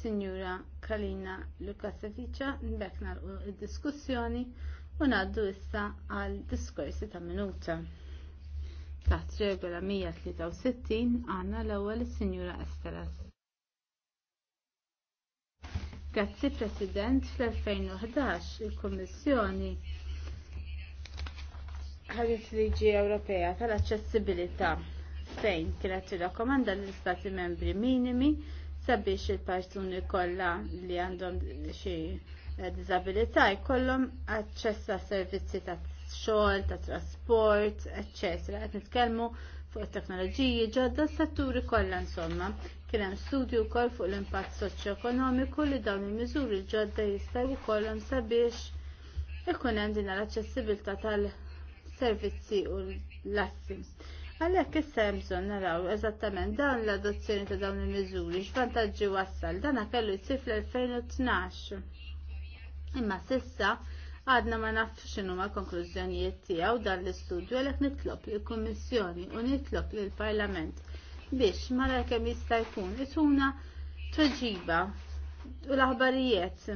Signora Kalina Lukasevica nbek narqu id-diskussjoni u naddu issa għal diskorsi ta' minuta. Taħt regola 163 għanna l-ewwel is-Sinjura Esteras. Grazzi President, fl-2011 il-Kommissjoni ħadet liġi Ewropea tal-Aċċessibilità fejn kienet tirrakkomanda l istati membri minimi sabiex il-persuni kollha li għandhom xi disabilità jkollhom aċċess ta' servizzi ta' xogħol, ta' trasport, eċċetera. Qed nitkellmu fuq it-teknoloġiji ġodda s-setturi kollha insomma. Kien hemm studju wkoll fuq l-impatt soċjoekonomiku li dawn il-miżuri ġodda jistgħu jkollhom sabiex ikun hemm din l-aċċessibilità tal-servizzi u l-assi. Għalhekk issa jemżon bżonn naraw eżattament dawn l-adozzjoni ta' dawn il-miżuri x'vantaġġi wassal dan kellu jsir fl-2012. Imma sissa għadna ma nafx x'inhu ma konklużjonijiet tiegħu dan l-istudju għalhekk nitlob il kummissjoni u nitlob lill-Parlament biex mara kemm jista' jkun ituna tweġiba u l-aħbarijiet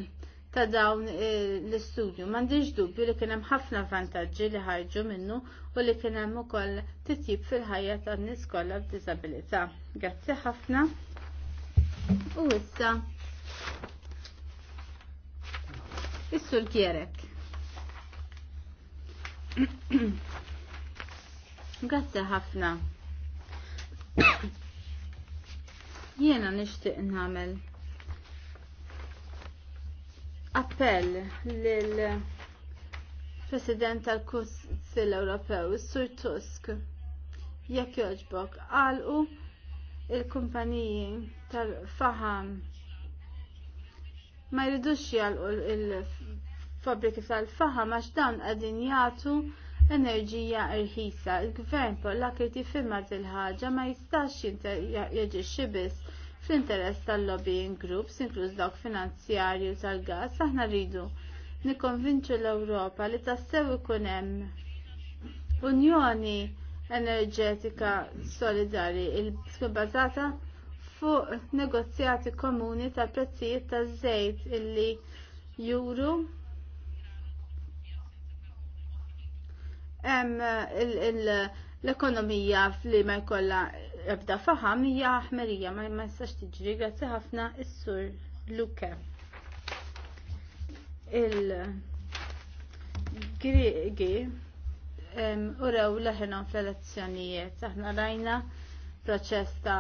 ta' dawn eh, l-istudju. M'għandix dubju li kien hemm ħafna vantaġġi li ħarġu minnu u li kien hemm ukoll titjib fil-ħajja tan-nies kollha b'diżabilità. Grazzi ħafna. U issa Issu l Kjerek. Grazzi ħafna. Jiena nixtieq nagħmel appell lil President tal-Kunsill Ewropew, Sur Tusk, jekk joġbok, għalqu il-kumpaniji tal-faham ma jridux jgħalqu il-fabriki tal-faham għax dawn għadin jagħtu enerġija irħisa. Il-gvern Pollak irid firma dil ħaġa ma jistax jaġixxi biss fl-interess tal-lobbying groups, inkluż dawk finanzjarju tal-gas, aħna rridu nikkonvinċu l-Ewropa li tassew ikun hemm Unjoni enerġetika solidari il-bazata fuq negozjati komuni ta' prezzijiet ta' żejt illi juru hemm l-ekonomija fl ma jkollha ebda faħam hija ħmerija ma jistax tiġri grazzi ħafna is-sur Luke. Il-Griegi uraw leħenom fl-elezzjonijiet. Aħna rajna proċess ta'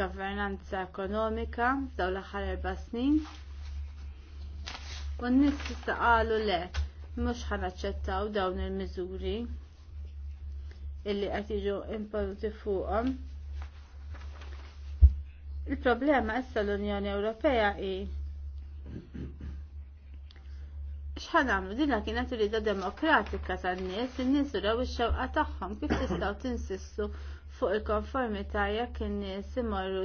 governanza ekonomika daw l-aħħar erba' snin. U n-nies qalu le mhux ħanaċċettaw dawn il-miżuri illi qed jiġu impożi fuqhom. Il-problema issa l-Unjoni Ewropea hi xħan għamlu dinna kienet rida demokratika tan-nies, in-nies uraw ix-xewqa tagħhom kif tistgħu tinsistu fuq il-konformità jekk in-nies imorru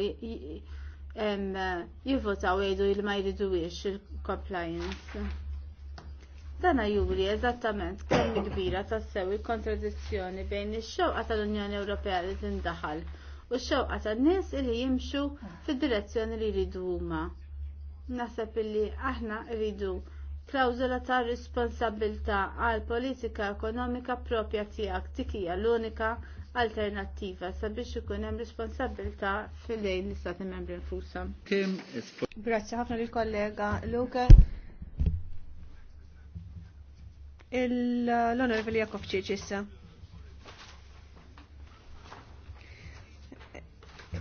jivvotaw jgħidu li ma jridux il-compliance. Dana juri eżattament kemm kbira tassew il-kontradizzjoni bejn ix-xewqa tal-Unjoni Ewropea li tindaħal u x-xewqa tan-nies li jimxu fid-direzzjoni li jridu huma. Nasab illi aħna ridu klawżola ta' responsabilta għal politika ekonomika propja tiegħek dik hija l-unika alternattiva sabiex ikun hemm responsabilità fil-lejn l-istati membri nfusa. Grazzi ħafna lill kollega Luke. L-onorevoli Jakov ċiċissa.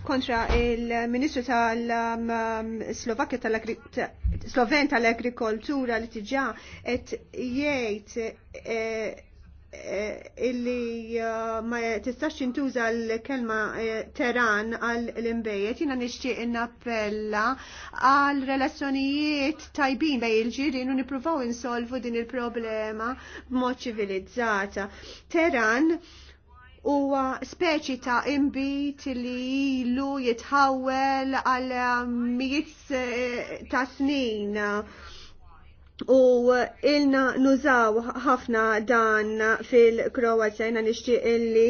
kontra il-Ministru tal-Slovakja tal-Sloven tal-Agrikoltura li tiġa et jgħid eh, eh, illi eh, ma tistax tintuża l-kelma teran għal l-imbejet, jina nixtieq innappella għal relazzjonijiet tajbin bej il-ġirin u nipruvaw insolvu din il-problema b'mod ċivilizzata. Teran huwa speċi ta' imbit li ilu jitħawel għal um, mijiet eh, ta' snin u ilna nużaw ħafna dan fil-Kroazja jina nixtieq illi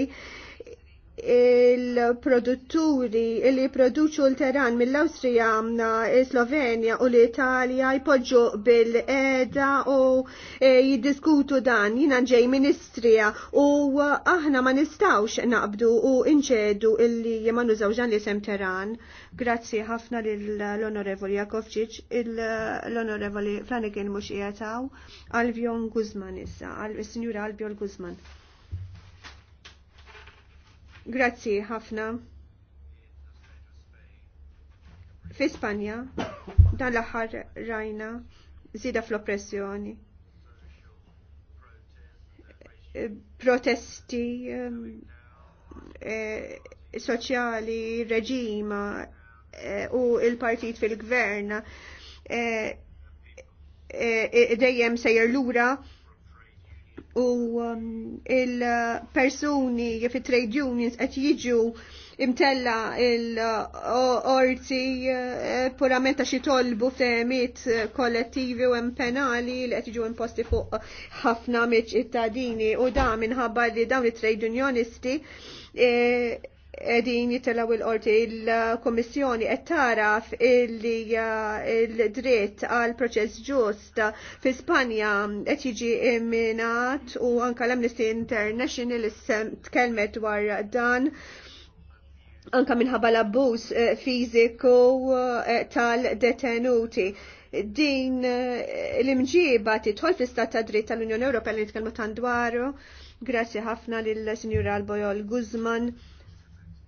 il-produtturi li produċu l-teran mill-Awstrija, Slovenja u l-Italja jpoġġu bil-eda u e, jiddiskutu dan jina ġej ministrija u aħna ma nistawx naqbdu u inċedu illi ma nużaw ġan li sem teran. Grazzi ħafna l-Onorevoli Jakovċiċ, l-Onorevoli Flanagan mux jgħataw, Albion Guzman issa, il-Sinjura Albion Guzman. Grazzi ħafna. Fi Spanja dan l-aħħar rajna zida fl-oppressjoni. E, protesti e, e, soċjali, reġima e, u il-partit fil-gvern dejjem sejjer lura u um, il-persuni jif trade unions qed jiġu imtella il-orti eh, purament għax jitolbu temiet kollettivi u hemm penali li qed jiġu imposti fuq ħafna miċ tadini u da minħabba li dawn it-trade unionisti eh, edin jitelaw il-qorti il-Komissjoni qed taraf illi il-dritt għal proċess ġust fi Spanja qed jiġi minat u anka l-Amnesty International tkellmet dwar dan anka minħabba l-abbuż eh, fiżiku eh, tal-detenuti din eh, l-imġiba titħol fl stat ta' dritt tal-Unjoni Ewropea li nitkellmu tan dwaru. Grazzi ħafna lill-Sinjura Albojol Guzman.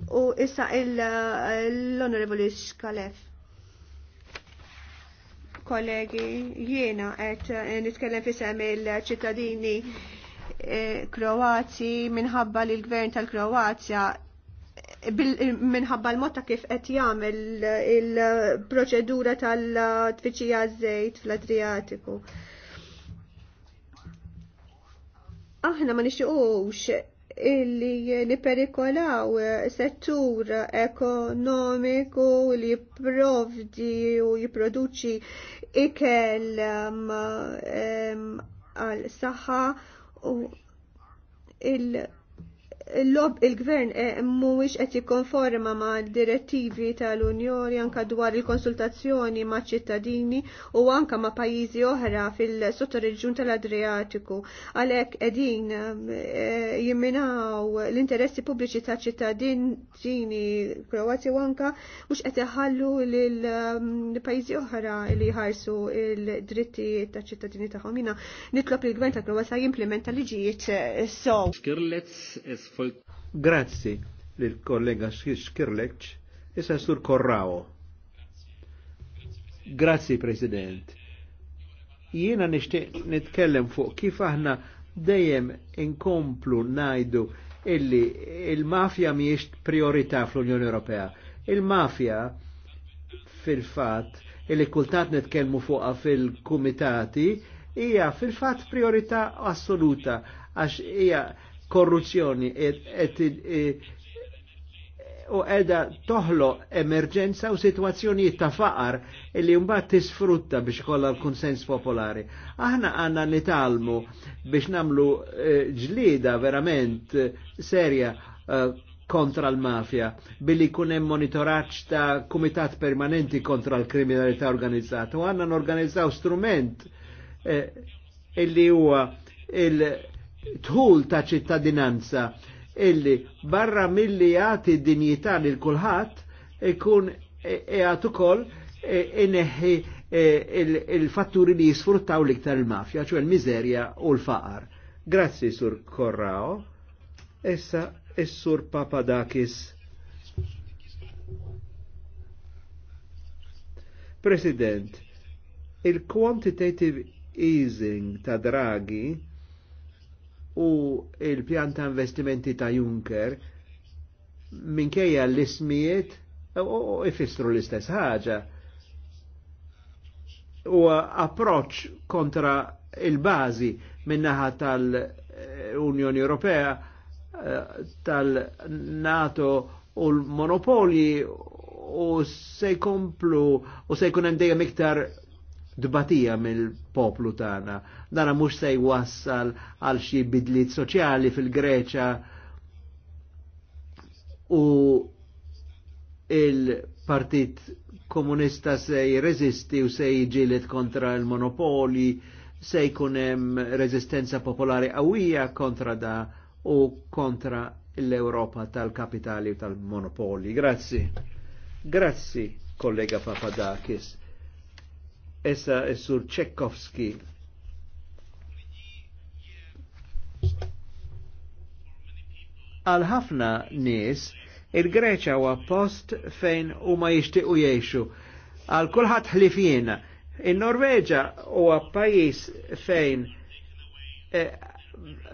U issa l-Onorevoli Xkalef. Kollegi, jiena qed eh, nitkellem fissem il-ċittadini eh, Kroati minħabba li l-gvern tal-Kroazja minħabba l-motta kif qed jagħmel il-proċedura tal-tfittxija żejt fl-Adriatiku. Aħna ma nixtiqux illi perikolaw eh, settur ekonomiku li jipprovdi u jipproduċi ikel um, eh, um, għal saħħa u il- il-gvern eh, mhuwiex qed jikkonforma ma' direttivi tal-Unjoni anka dwar il-konsultazzjoni ma' ċittadini u anka ma' pajjiżi oħra fil-sottoreġjun tal-Adriatiku. Għalhekk qegħdin eh, jimminaw l-interessi pubbliċi ta' ċittadini Kroati u anka mhux qed iħallu lil mm, pajjiżi oħra li jħarsu l-dritti ta' ċittadini tagħhom. Jiena nitlob il-gvern ta' Kroazja jimplementa liġijiet eh, sew voll. Grazzi l kollega Skirlekċ, issa sur Korrao. Grazzi, President. Jiena nishtiq nitkellem fuq kif aħna dejjem inkomplu najdu illi il-mafja miex priorità fl-Unjoni Ewropea. Il-mafja fil-fat illi kultat nitkellmu fuqha fil-kumitati hija fil-fat priorità assoluta għax hija korruzzjoni e, e, e, u edha toħlo emerġenza u situazzjoni ta' faqar li bat tisfrutta biex kolla l konsens popolari. Aħna għandna nitalmu biex namlu ġlida verament serja kontra l-mafja billi kun hemm ta' kumitat permanenti kontra l-kriminalità organizzata u n-organizzaw strument illi huwa il- tħul ta' ċittadinanza illi barra milli jagħti dinjità lil kulħadd ikun qiegħed e- ukoll e- ineħħi e- il-fatturi li jisfruttaw l-iktar il-mafja, ċu il-mizerja u l-faqar. Grazzi, Sur Korrao. Essa, Sur Papadakis. President, il-quantitative easing ta' Draghi u il-pjan ta' investimenti ta' Juncker minkejja l-ismijiet u ifissru l-istess ħaġa. U approċ kontra il-bazi minnaħa tal-Unjoni Ewropea, eh, tal-NATO u l-monopoli u se jkomplu u se jkun hemm dejjem iktar dbatija mill-poplu tagħna. Dana mhux se jwassal għal xi bidliet soċjali fil-Greċa u il-Partit Komunista se jirreżisti u se jġilet kontra il-monopoli, se jkun hemm popolari għawija kontra da u kontra l-Europa tal-kapitali u tal-monopoli. Grazzi. Grazzi, kollega Papadakis. Issa s-sur Tchaikovsky. Għal ħafna nies, il-Greċa huwa post fejn huma jixtiequ jgħixu. Għal kulħadd jiena, In-Norveġa huwa pajjiż fejn eh,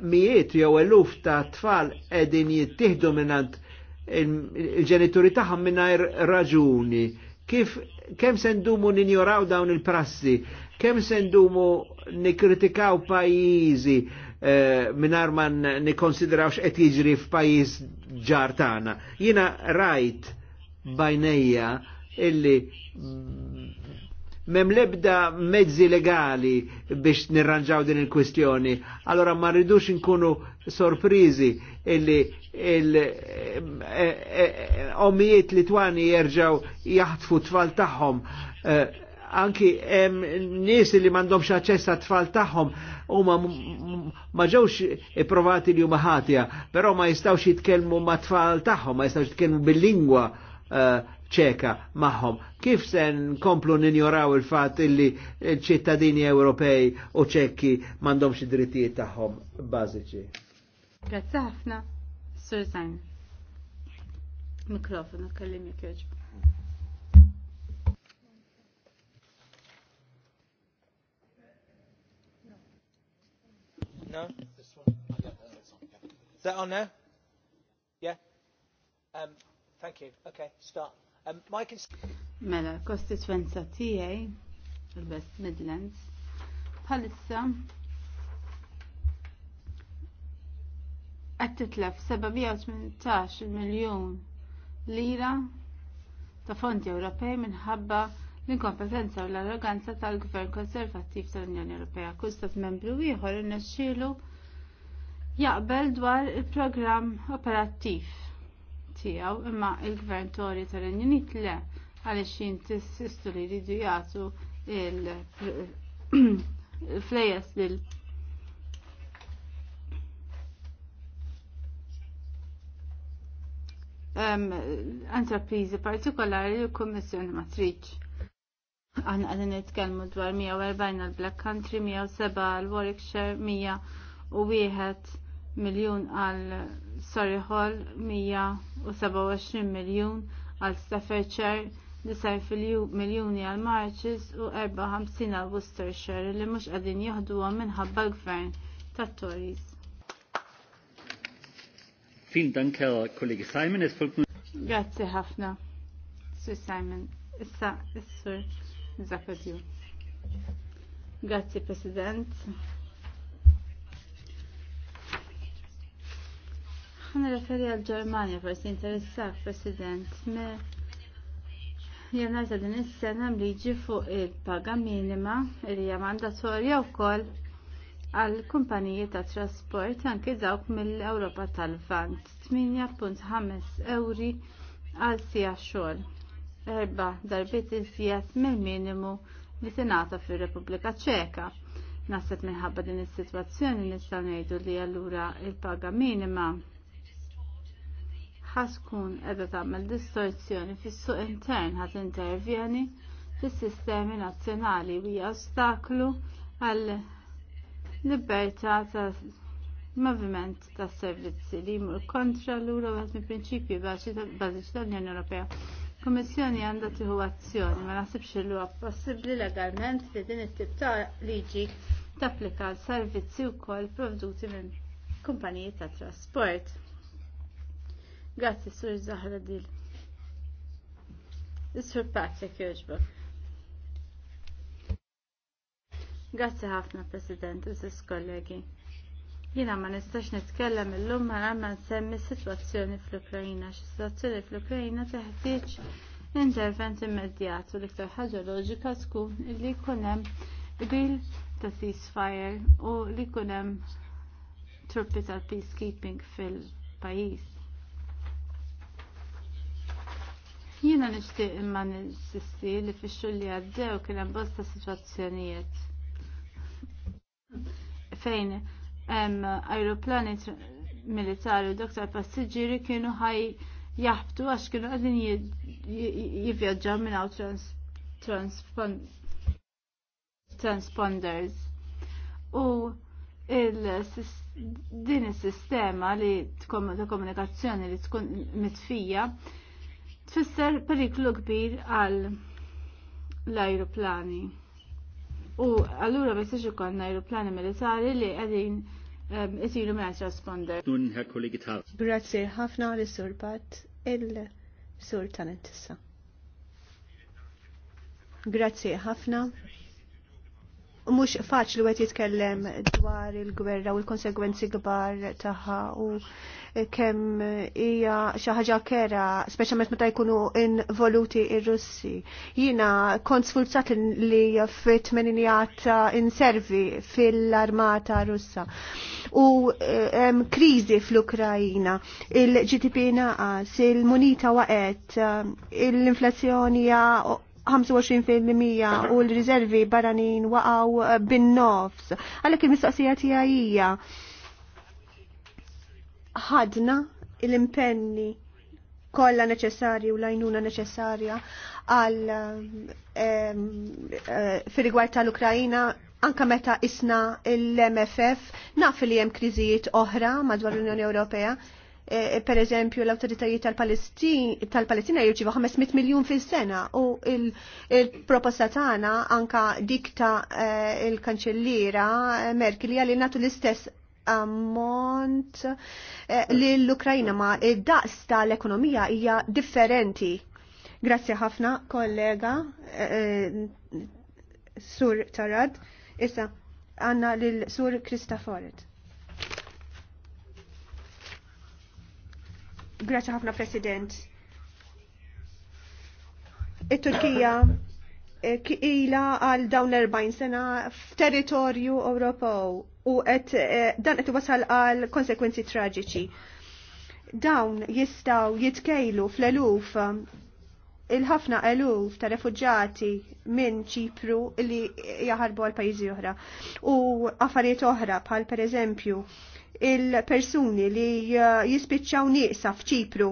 miet jew eluf ta' tfal qegħdin jittihdu minnant il-ġenituri tagħhom mingħajr raġuni. Kif kem sendumu ninjoraw dawn il-prassi, kem sendumu nikritikaw pajizi eh, minar man nikonsideraw et jiġri f'pajjiż ġartana. tagħna. rajt bajnejja illi mem lebda mezzi legali biex nirranġaw din il-kwistjoni. Allora ma rridux nkunu sorprizi illi il-omijiet eh, eh, eh, e, e, Litwani jerġaw jaħtfu tfal tagħhom. anki nies li m'għandhomx aċċess tfal tagħhom huma ma ġewx provati li huma ħatja, però ma jistgħux jitkellmu ma' tfal tagħhom, ma jistgħux jitkellmu bil-lingwa ċeka maħħom. Kif sen komplu ninjoraw il-fat illi ċittadini Ewropej u ċekki mandomx id-drittijiet tagħhom bażiċi? Grazzi ħafna, Sir Zain. Mikrofonu kellim jekk No? Is that on there? Yeah? Um, Thank you. Okay, start. Um, my mela, kostituenza tiegħi il-West Midlands, bħalissa qed titlef 718 miljun lira ta' fondi Ewropej minħabba l-inkompetenza u l-arroganza tal-Gvern Konservattiv tal-Unjoni Ewropea. Kull stat membru ieħor innexxielu jaqbel dwar il-programm operattiv tiegħu imma il-Gvern Tori tal-Renju Unit le għaliex jintissistu li jridu jagħtu il-flejes lil entreprizi partikolari li l-Kummissjoni Matriċ. Għanna għadin nitkellmu dwar 140 għal-Black Country, 107 għal-Warwickshire, 100 u wieħed miljun għal iħol 127 miljun għal Staffordshire, 9 miljoni għal Marches u 54 għal Worcestershire li mhux qegħdin jieħduha minħabba l-gvern tat Tories. Fin Dank, Herr Simon. Es folgt Grazie, Sir Simon. Issa, issur Zapatio. Grazie, President. Jekk nirreferi għal per forsi interessak President me jenna din is-sena mliġi fuq il-paga minima li hija mandatorja wkoll għal kumpaniji ta' trasport anki dawk mill-Ewropa tal-Vant 8.5 euri għal sija xogħol. Erba darbiet iżjed mill-minimu li tingħata fir-Repubblika Ċeka. Naħseb minħabba din is-sitwazzjoni nistgħu ngħidu li allura il-paga minima ħaskun edha tagħmel distorzjoni fis-suq intern ħat intervjeni fis-sistemi nazzjonali u hija ostaklu għal libertà ta' moviment ta' servizzi li jmur kontra l-ura mi mill-prinċipji bażiċi tal-Unjoni Ewropea. Kummissjoni għandha tieħu azzjoni ma nasibx li huwa possibbli legalment li din it-tip ta' liġi tapplika l-servizzi wkoll provduti minn kumpaniji ta' trasport. Grazzi, sur Zahra Dil. Is-sur Patrick Joġbok. Grazzi ħafna, President, użis kollegi. Jina ma nistax nitkellem illum ma għamma nsemmi situazzjoni fl-Ukrajina. Situazzjoni fl-Ukrajina teħtieġ intervent immedjat u l-iktar ħaġa loġika tkun li jkun hemm bil ta' ceasefire u li jkun hemm truppi tal-peacekeeping fil-pajjiż. Jiena nixtieq imma nisisti li fix-xhur li għaddew kien hemm bosta sitwazzjonijiet fejn aeroplani ajruplani militari u doktar passiġġieri kienu ħaj jaħbtu għax kienu għadin jivvjaġġaw minn u transponders. U din is-sistema li ta' komunikazzjoni li tkun mitfija tfisser periklu kbir għal l-ajruplani. U allura ma jistax l ajruplani militari li qegħdin ehm, isiru mingħajr trasponder. Nun Herr Kollegi ħafna li surbat il-sur tanentissa. Grazzi ħafna, mhux faċli għet jitkellem dwar il-gwerra u l-konsegwenzi kbar tagħha u kemm hija xi ħaġa kera, speċjalment meta jkunu involuti il russi Jiena kont sfurzat li fit meninijat inservi fil-armata Russa. U eh, hemm kriżi fl-Ukrajina, il-GDP naqas, il-munita waqgħet, eh, l-inflazzjoni 25% u l-riservi barranin waqaw bin-nofs. Għalhekk il-mistoqsija tiegħi ħadna l-impenni kollha neċessarji u lajnuna neċessarja għal ehm, eh, fil-rigward tal-Ukrajina anka meta isna l-MFF naf li hemm kriżijiet oħra madwar l-Unjoni Ewropea Eh, eh, per eżempju l-autoritajiet tal-Palestina jirċiva 500 miljon fil-sena u il-proposta tagħna anka dikta eh, il-kanċelliera Merkel li natu l-istess ammont li l ukrajina ma id-daqs tal-ekonomija hija differenti. Grazzi ħafna, kollega, sur Tarad. Issa, għanna l-sur Kristaforet. Grazie ħafna President. It-Turkija eh, ila għal dawn 40 sena f'territorju Ewropew u qed eh, dan qed wasal għal konsekwenzi traġiċi. Dawn jistgħu jitkejlu fl-eluf il-ħafna eluf ta' refugġati minn ċipru li jaħarbu għal pajjiżi oħra. U affarijiet oħra bħal per eżempju il-persuni li uh, jispiċċaw nieqsa f'ċipru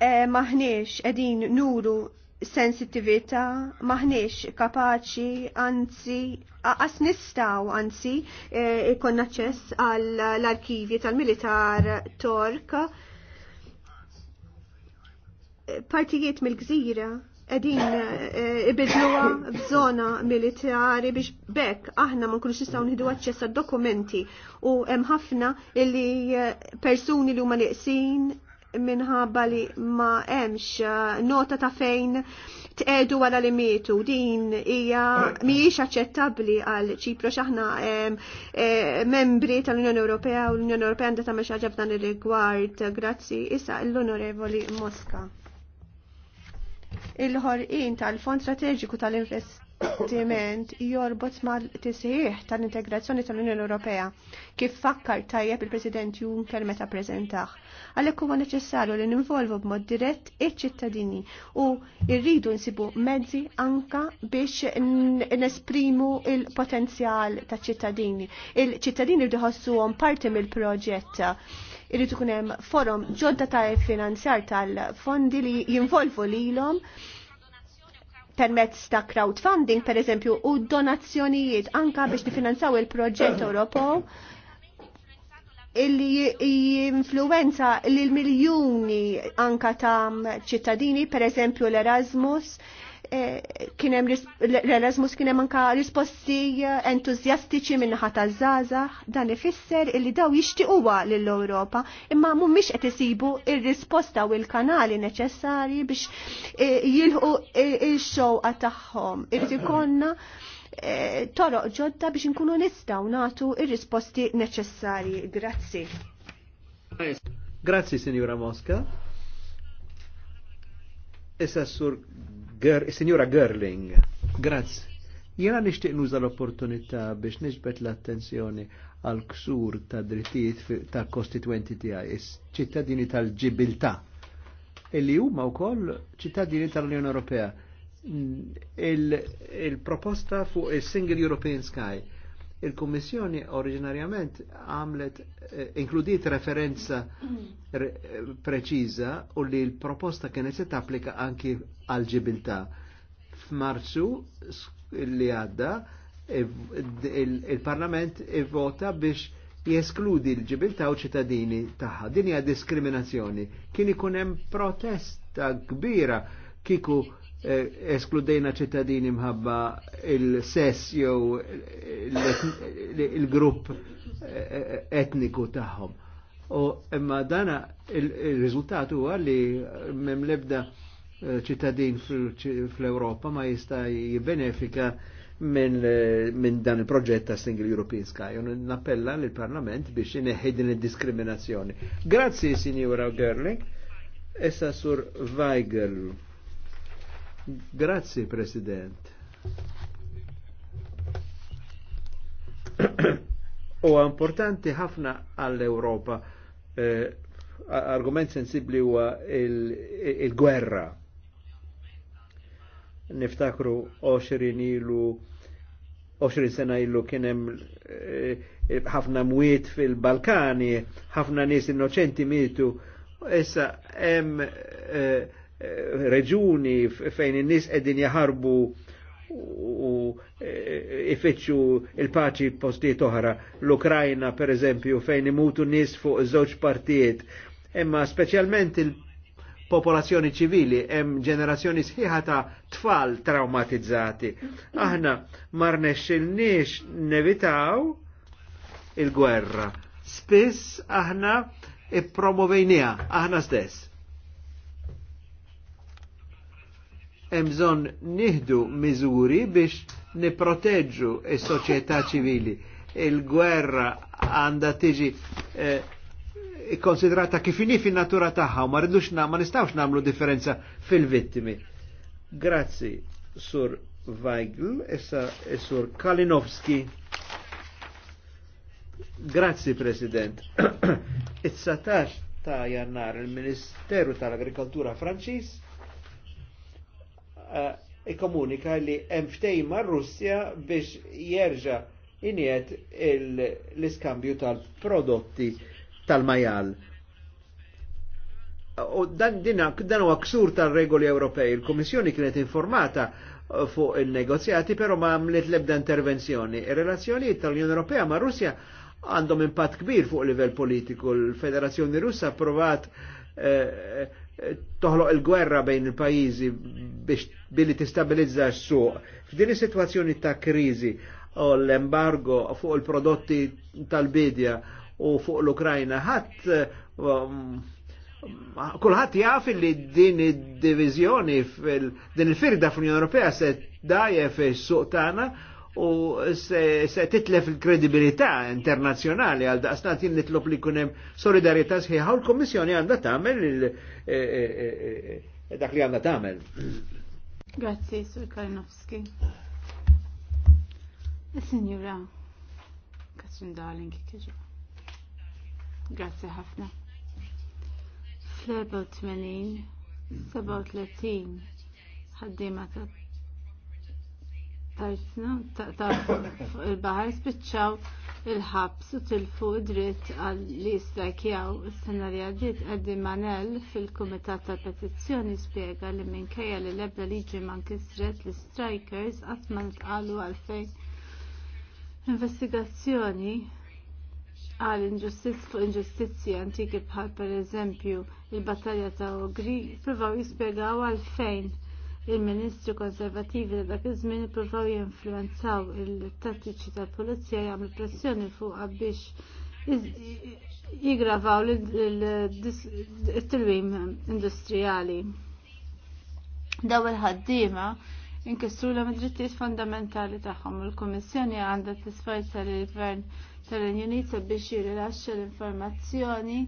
e, maħniex edin nuru sensitivita, maħniex kapaċi, anzi, għas nistaw, anzi, eh, ikon e, naċċess għall-arkivi tal-militar tork partijiet mill-gżira qegħdin eh, ibidluha b'zona militari biex bekk aħna ma nkunux nistgħu nħidu aċċess dokumenti u hemm ħafna illi eh, persuni li huma nieqsin minħabba li ma hemmx eh, nota ta' fejn tqedu wara li mietu din hija mhijiex aċċettabbli għal ċipru x'aħna membri tal-Unjoni Ewropea u l-Unjoni Ewropea għandha tagħmel xi ħaġa f'dan ir-rigward. Grazzi. Issa l-Onorevoli Mosca. Il-ħorqin tal-Fond Strateġiku tal-Investiment jorbot mal-tisħiħ tal-integrazzjoni tal-Unjoni Ewropea kif fakkar tajjeb il-President Juncker meta preżentaħ. Għalhekk huwa neċessarju li ninvolvu b'mod dirett iċ-ċittadini u rridu nsibu mezzi anka biex nesprimu il-potenzjal taċ ċittadini. Il-ċittadini rridu parti mill-proġett irrid ikun hemm forum ġodda ta' finanzjar tal-fondi li jinvolvu lilhom permezz ta' crowdfunding per eżempju u donazzjonijiet anka biex nifinanzaw il-proġett Ewropew illi jinfluenza l-miljoni anka ta' ċittadini, per eżempju l-Erasmus, Eh, kienem l-Erasmus kienem anka risposti eh, entuzjastiċi minnaħa ta' zaza dan ifisser illi daw jixtiquwa lill-Europa imma mhumiex qed isibu il risposta u l-kanali neċessari biex eh, jilħu il-xowqa tagħhom. Irid ikonna toroq ġodda biex nkunu nistgħu nagħtu ir-risposti neċessari. Grazzi. Grazzi, Sinjura Mosca. Issa sur Ger, Signora Gerling, grazzi. Jena nishtiq nuża l-opportunità biex nisbet l-attenzjoni għal ksur ta' drittijiet ta' kostituenti tiegħi, ċittadini tal-ġibilta, illi huma wkoll ċittadini tal-Unjoni Ewropea. Il-proposta fuq il-Single European Sky Il-Kummissjoni oriġinarjament għamlet eh, inkludiet referenza preċiża u li l-proposta kienet se tapplika anki għal ġibilta. F'Marzu li għadda il-Parlament ivvota biex jeskludi l-ġibilta u ċittadini taħħa. Din hija diskriminazzjoni. Kien ikun hemm protesta kbira kiku Eh, eskludejna ċittadini mħabba il-sess jew il-grupp eh, etniku tagħhom. U imma dana il-riżultat huwa li mem lebda eh, ċittadin fl ewropa ma jista jibbenefika minn dan il-proġett ta' Single European Sky. Nappella l-Parlament biex ineħħi din id-diskriminazzjoni. Grazzi, Signora Gerling. Essa sur Weigel. Grazie President. U importanti ħafna għall-Europa eh, argument sensibli huwa il-gwerra. Il Niftakru 20 ilu 20 sena ilu kien hemm eh, ħafna eh, mwiet fil-Balkani, ħafna nies innoċenti mitu, issa hemm eh, Eh, reġuni fejn in-nies qegħdin jaħarbu u e, ifittxu il-paċi postijiet oħra. L-Ukrajna, per eżempju, fejn imutu nies fuq żewġ partijiet. Imma speċjalment il-popolazzjoni ċivili, hemm ġenerazzjoni sħiħa ta' tfal traumatizzati. Aħna il nexxilniex nevitaw il-gwerra. Spiss aħna ippromovejnija, aħna stess hemm bżonn nieħdu miżuri biex niproteġu s-soċjetà ċivili. Il-gwerra għandha tiġi eh, ikkonsidrata kifini fin-natura tagħha u ma rridux ma nistgħux nagħmlu differenza fil-vittimi. Grazzi, Sur Weigl, issa e Sur Kalinowski. Grazzi, President. It-19 ta' jannar il-Ministeru tal-Agrikoltura Franċis Eh, ikkomunika li emftejma mar-Russja biex jerġa' iniet l-iskambju tal-prodotti tal-majal. U dan dinak, dan huwa ksur tal-regoli Ewropej. Il-Kommissjoni kienet informata eh, fuq il-negozjati, però ma għamlet lebda intervenzjoni. Ir-relazzjoni tal-Unjoni Ewropea ma' Russja għandhom impatt kbir fuq livell politiku. Il-Federazzjoni Russa approvat Eh, eh, toħloq il-gwerra bejn il-pajizi biex billi tistabilizza s-suq. F'din is-sitwazzjoni ta' kriżi u l-embargo fuq il-prodotti tal-bidja u fuq l-Ukrajna ħadd eh, mm, kulħadd jaf li din id-diviżjoni din il-firda fl-Unjoni Ewropea se dajja fis-suq tagħna u se, se titlef il-kredibilità internazjonali għal daqsnat jien nitlob li kunem solidarietà sħiħa u l-Kommissjoni għandha tagħmel il e, e, e, dak li għandha tagħmel. Grazzi, Sur Kalinowski. Signora Katrin Darling, kieġa. Grazzi ħafna. Fl-84, 37, ħaddima ta' ta' il-bahar spiċċaw il-ħabs u tilfu dritt għal li strajkjaw s-sena li għaddit għaddi Manel fil-Kumitat tal-Petizzjoni spiega li minkejja li lebda liġi man kisret li strikers għatman tqalu għalfejn investigazzjoni għal inġustizz fuq inġustizzi antiki bħal per eżempju il-battalja ta' Ogri, provaw jispiegaw għalfejn il-Ministri Konservativi ta' dak iż-żmien ippruvaw jinfluwenzaw il-tattiċi tal-Pulizija jagħmlu pressjoni fuqha biex jigravaw il-tilwim industrijali. Daw il-ħaddiema inkissru l id-drittijiet fundamentali tagħhom u l-Kummissjoni għandha tisforza lill gvern tal-Unjoni biex jirilaxxa l-informazzjoni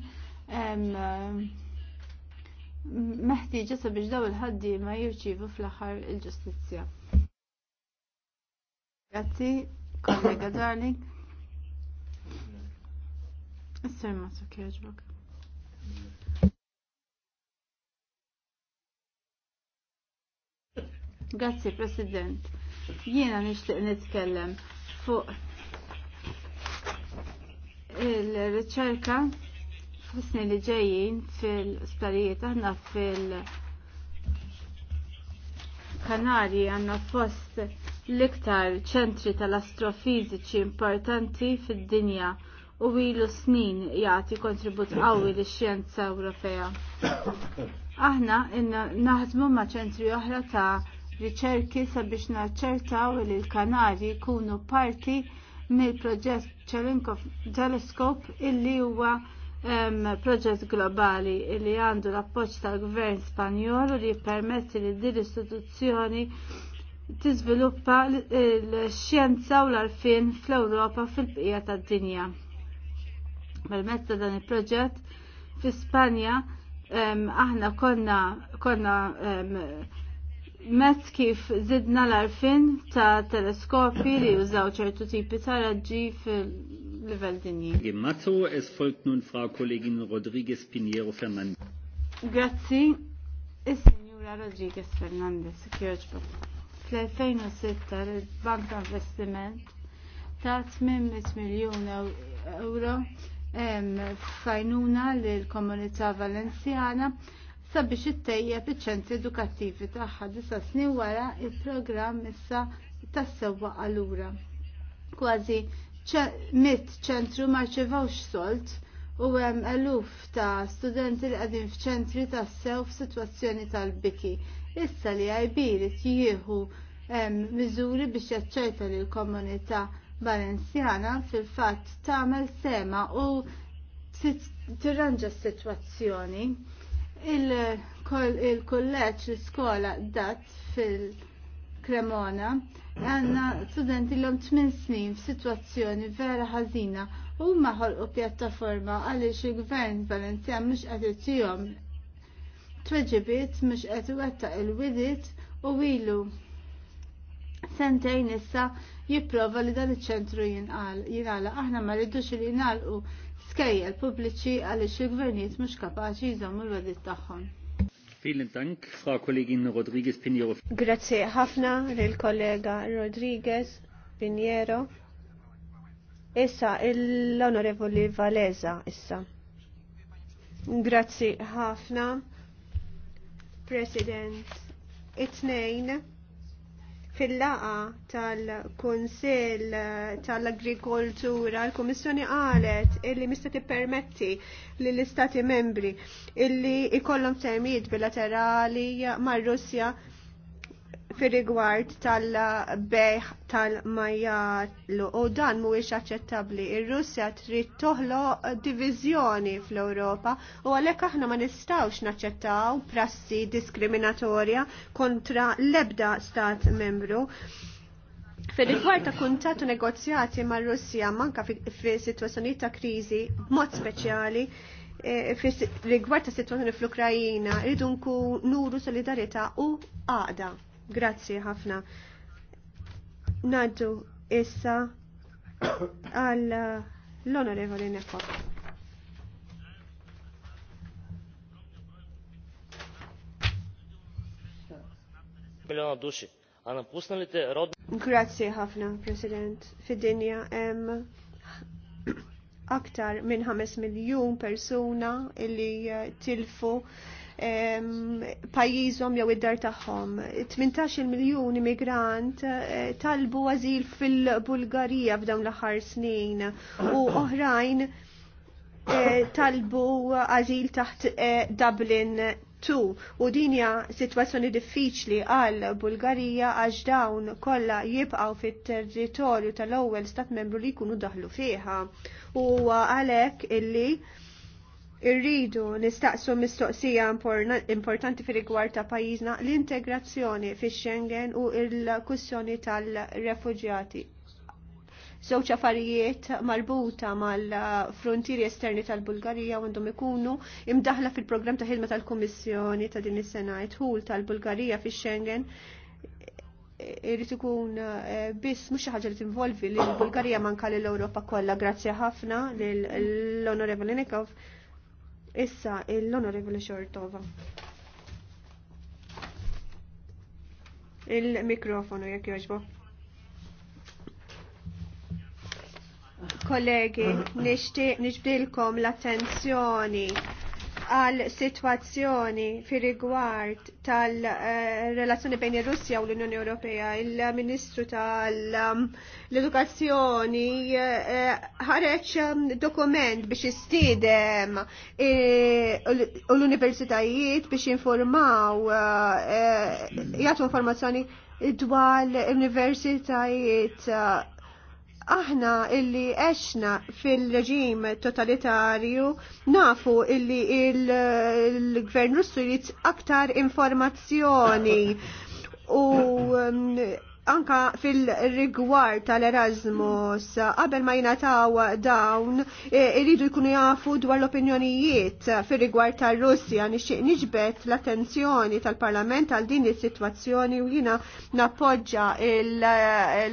meħtieġa sabiex daw il-ħaddiema jirċievu fl-aħħar il-ġustizzja. Grazzi, kollega darling. Is-ser ma sokjaġbok. Grazzi, President. Jiena nixtieq nitkellem fuq il-riċerka fis-snin li ġejjin fil sparijiet aħna fil- Kanari għanna fost l-iktar ċentri tal-astrofiziċi importanti fid-dinja u ilu snin jagħti kontribut qawwi li xjenza Ewropea. Aħna naħdmu ma' ċentri oħra ta' riċerki sabiex naċċertaw li l-Kanari jkunu parti mill-proġett Telescope illi huwa proġett globali li għandu l-appoġġ tal-Gvern Spanjol li jippermetti li din l-istituzzjoni tiżviluppa l-xjenza u l-arfin fl-Ewropa fil-bqija tad-dinja. Permezz ta' dan il-proġett fi Spanja aħna konna konna mezz kif zidna l-arfin ta' teleskopi li użaw ċertu tipi ta' raġġi fil livell dinji. Mazzo, es folgt nun Frau Kollegin Rodriguez Pinheiro Fernandez. Grazzi, is-Signora Rodriguez Fernandez, kjoġba. Fl-2006 il-Bank ta' Investiment ta' 800 miljon euro fajnuna l-Komunità Valenzjana sabiex ittejjeb iċ-ċentri edukattivi tagħha disa' snin wara il-programm issa tas-sewwa allura. Kważi mit ċentru ma rċevawx solt u hemm eluf ta' studenti li qegħdin f'ċentri sew f'sitwazzjoni tal-biki. Issa li għajbir jieħu miżuri biex jaċċerta li l-komunità Valenzjana fil-fatt tagħmel sema u tirranġa s-sitwazzjoni. Il-kulleġġ l-iskola dat fil-Kremona għanna studenti l-om 8 snin f-situazzjoni vera ħazina u maħol u pjattaforma għalix il-gvern Valenzjan mux għatetijom tweġibit mux għatwetta il-widit u ilu sentejn issa jipprova li dan iċ-ċentru jinala. Aħna ma rridux li jinalqu skejjel pubbliċi għaliex il-gvernijiet mhux kapaċi jżommu l-wedit tagħhom. Grazie ħafna lil kollega Rodriguez Pinheiro. Issa l-Onorevoli Valeza issa. Grazie ħafna. President, it-tnejn Fil-laqa tal-Kunsill tal-Agrikoltura, l-Kummissjoni qalet illi mista tippermetti li l-Istati membri illi ikollhom termijiet bilaterali mar-Russja fir-rigward tal-beħ tal-majjallu u dan mhuwiex aċċettabbli. Ir-Russja trid toħloq diviżjoni fl-Ewropa u għalhekk aħna ma nistgħux naċċettaw prassi diskriminatorja kontra l-ebda stat membru. Fil-rigward ta' kuntat u negozjati ma' Russja manka fi situazzjoni ta' kriżi mod speċjali e, rigward ta' situazzjoni fl-Ukrajina, rridu nuru solidarieta u għada. Grazzi ħafna. Naddu issa għal uh, l-onorevoli Nepo. Grazzi ħafna, President. Fid-dinja hemm aktar minn 5 miljun persuna illi tilfu pajjiżhom jew id-dar tagħhom. 18 miljun immigrant eh, talbu għazil fil-Bulgarija f'dawn l-aħħar snin u oħrajn eh, talbu għażil taħt eh, Dublin 2 u dinja situazzjoni diffiċli għal Bulgarija għax dawn kollha jibqgħu fit-territorju tal-ewwel stat membru li jkunu daħlu fiha. U għalhekk illi irridu nistaqsu mistoqsija importanti fi rigward ta' pajjiżna l-integrazzjoni fix Schengen u l-kussjoni tal refugjati Żewġ affarijiet marbuta mal-frontieri esterni tal-Bulgarija għandhom ikunu imdaħla fil-programm ta' ħilma tal-Kummissjoni ta' din is-sena jtħul tal-Bulgarija fix Schengen irrid ikun eh, biss mhux xi ħaġa li tinvolvi lil Bulgarija manka lill Ewropa kollha. Grazzi ħafna lill Onorevoli Nikov. Issa l-Onorevoli Xortova. Il-mikrofonu jekk joġbo. Kollegi, nixtieq nixbdilkom l-attenzjoni għal situazzjoni fi rigward tal-relazzjoni bejn ir-Russja u l-Unjoni Ewropea, il-Ministru tal-Edukazzjoni eh, ħareġ eh, dokument biex istidem eh, l-universitajiet biex informaw jagħtu informazzjoni dwar l-universitajiet aħna illi eċna fil-reġim totalitarju nafu illi il-gvern russu jrid aktar informazzjoni u um, anka fil-rigward tal-Erasmus, qabel ma jingħataw dawn, e, iridu jkunu jafu dwar l-opinjonijiet fil-rigward tal-Russja, nixtieq niġbet l-attenzjoni tal-Parlament għal din is-sitwazzjoni u jiena nappoġġa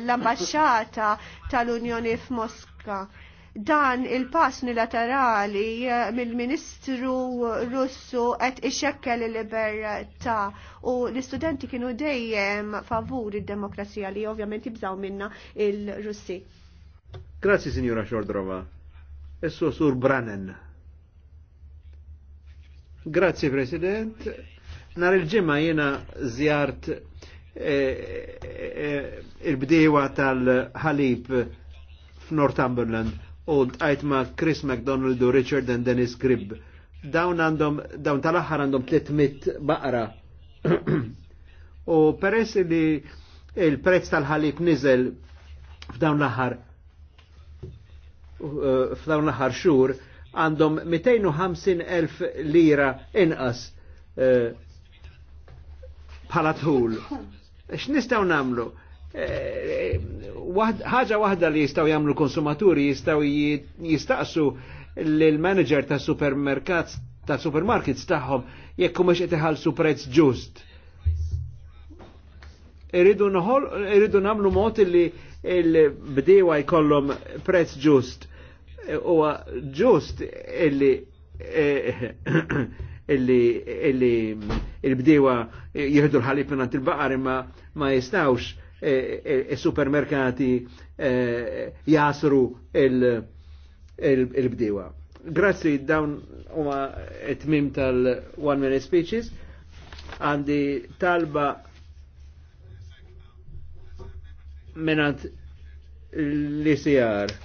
l-ambasċata tal-Unjoni f-Moskva dan il-pass unilaterali eh, mill-Ministru Russu qed ixekkel il-libertà u l-istudenti kienu dejjem favur id-demokrazija li ovvjament jibżaw minna il-Russi. Grazzi, Signora Xordrova. Esso Sur Branen. Grazzi, President. Nar il-ġimma jena zjart eh, eh, il-bdewa tal-ħalib f'Northumberland u għajt ma' Chris McDonald u Richard and Dennis Gribb. Dawn għandhom, dawn tal-axħar għandhom 300 baqra. u peress li il-prezz tal-ħalib nizel f'dawn l-axħar uh, f'dawn l-axħar xur għandhom 250.000 lira inqas uh, bħala tħul. X'nistgħu namlu? Eh, eh, ħaġa waħda li jistaw jagħmlu konsumaturi jistaw jistaqsu lill-manager ta' supermerkat ta' supermarkets tagħhom jekk mhux qed iħallsu prezz ġust. Irridu noħol, irridu nagħmlu mod li l-bdiewa jkollhom prezz ġust. Huwa ġust illi eh, illi illi il-bdewa jihdu l-ħalib minnant il-baqar imma ma jistawx il-supermerkati e, e, e jasru il-bdiwa. Grazzi dawn huma tmim tal-one minute speeches. Għandi talba menant l-ICR.